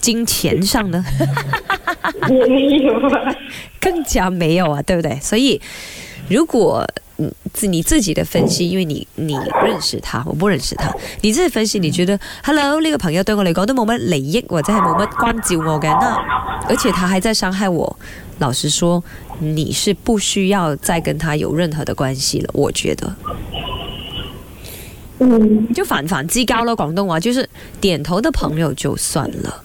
金錢上呢？ 更加沒有啊，對不對？所以，如果你自己的分析，因為你你認識他，我不認識他，你自己分析，你覺得、嗯、，Hello，呢個朋友對我嚟講都冇乜利益，或者係冇乜關照我嘅，那而且他還在傷害我。老實說，你是不需要再跟他有任何的關係了。我覺得，嗯，就反反擊高了廣東話，就是點頭的朋友就算了。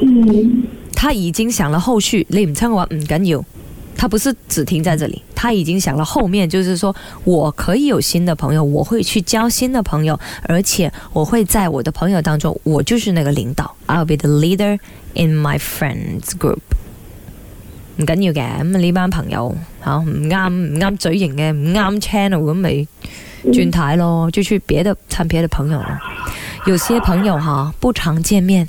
嗯、他已經想了後續。你唔唱我唔緊要。他不是只停在這裏，他已經想了後面，就是說我可以有新的朋友，我會去交新的朋友，而且我會在我的朋友當中，我就是那個領導。I'll be the leader in my friends group。唔緊要嘅，咁呢班朋友，吓唔啱唔啱嘴型嘅，唔啱 channel 咁咪轉台咯，就去別的唱別的朋友咯。嗯、有些朋友哈不常見面。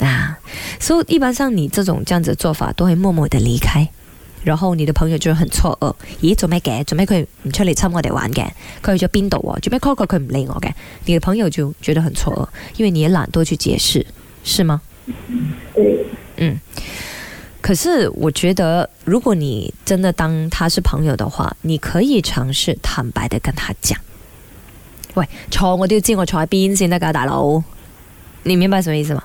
啊，所、so, 以一般像你這種這樣子的做法，都會默默的離開，然後你的朋友就很錯愕。咦，做咩嘅做咩可以唔出嚟參我哋玩嘅？佢去咗邊度啊？做咩 Coco 佢唔理我嘅？Okay? 你的朋友就覺得很錯愕，因為你也懶惰去解釋，是嗎？嗯。嗯。可是我覺得，如果你真的當他是朋友的話，你可以嘗試坦白的跟他講，喂，錯，我都要知我錯喺邊先得噶，大佬。你明白什麼意思嗎？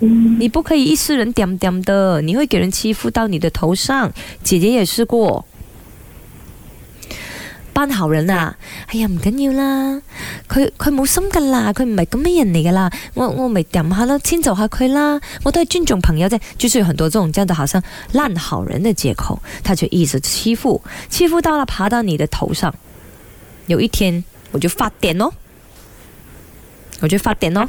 你不可以一世人點點的，你會給人欺負到你的頭上。姐姐也試過，扮好人啊！哎呀，唔緊要啦，佢佢冇心噶啦，佢唔係咁嘅人嚟噶啦。我我咪忍下咯，遷就下佢啦。我都係尊重朋友啫。就是有很多這種這樣的，好像爛好人的借口，他就一直欺負，欺負到了爬到你的頭上。有一天，我就發癲咯，我就發癲咯。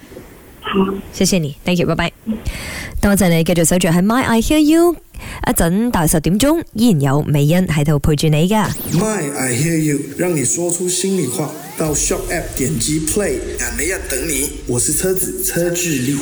謝謝你，thank you，拜拜。多謝你繼續守住喺 My I Hear You，一陣大十點鐘依然有美恩喺度陪住你㗎。My I Hear You，讓你說出心裏話，到 Shop App 點擊 Play。阿梅要等你，我是車子車智立。